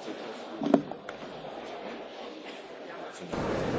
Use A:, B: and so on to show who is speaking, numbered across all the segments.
A: Thank you.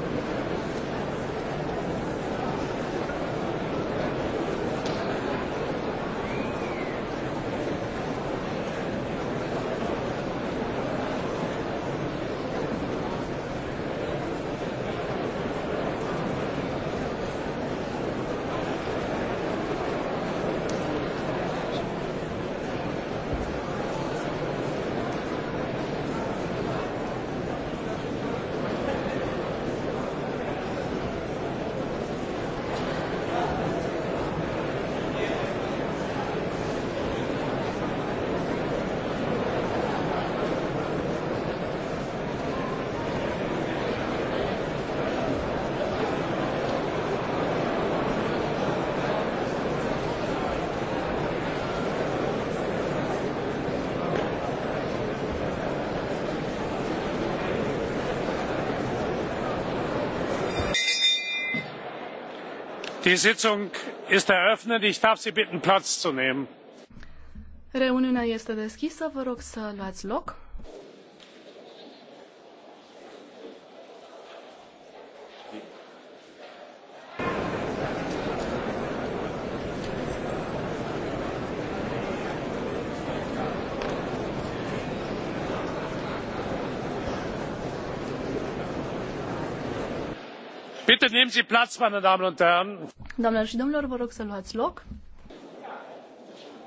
B: die sitzung ist eröffnet ich darf sie bitten platz zu nehmen.
C: reuniunea este deschisă vă rog să luați loc.
B: bitte nehmen
D: domnilor vă rog să luați loc.